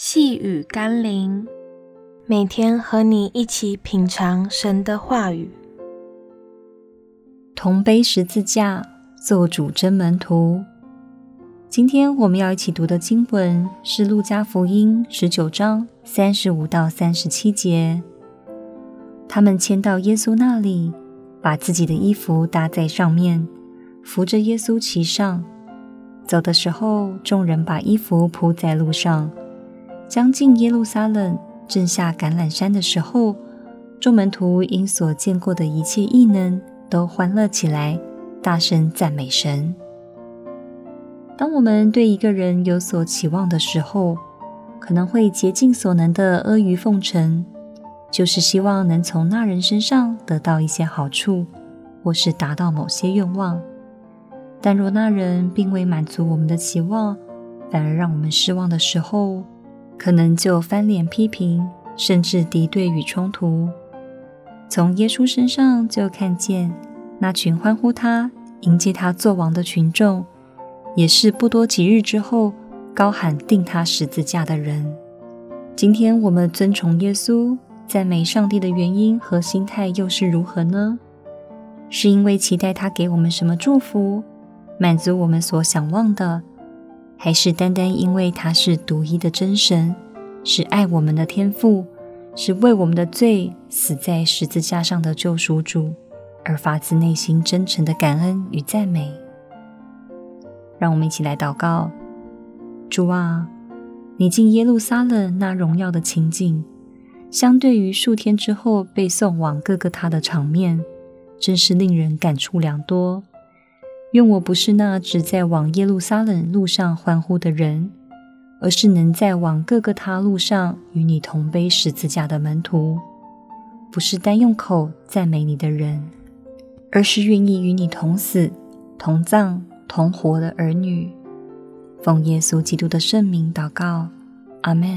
細語甘霖，每天和你一起品嘗神的話語。同背十字架，作主真門徒。今天我們要一起讀的經文是《路加福音》十九章三十五到三十七節。他們牽到耶穌那裡，把自己的衣服搭在上面，扶着耶穌騎上。走的時候，眾人把衣服鋪在路上。將近耶路撒冷，正下橄欖山的時候，眾門徒因所見過的一切異能都歡樂起來，大聲讚美神。當我們對一個人有所期望的時候，可能會竭盡所能地阿諛奉承，就是希望能從那人身上得到一些好處，或是達到某些願望。但若那人並未滿足我們的期望，反而讓我們失望的時候，可能就翻臉批評，甚至敵對與衝突。從耶穌身上就看見那群歡呼他、迎接他作王的群眾，也是不多幾日之後高喊釘他十字架的人。今天我們尊崇耶穌、讚美上帝的原因和心態又是如何呢？是因為期待他給我們什麼祝福，滿足我們所想望的？還是單單因為他是獨一的真神，是愛我們的天父，是為我們的罪死在十字架上的救贖主，而發自內心真誠的感恩與讚美。讓我們一起來禱告：主啊，你進耶路撒冷那榮耀的情景，相對於數天之後被送往各各他的場面，真是令人感觸良多。願我不是那只在往耶路撒冷路上歡呼的人，而是能在往各各他路上與你同背十字架的門徒；不是單用口讚美你的人，而是願意與你同死、同葬、同活的兒女。奉耶穌基督的聖名禱告，阿門。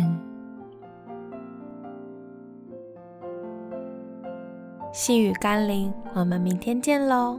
細語甘霖，我們明天見嘍。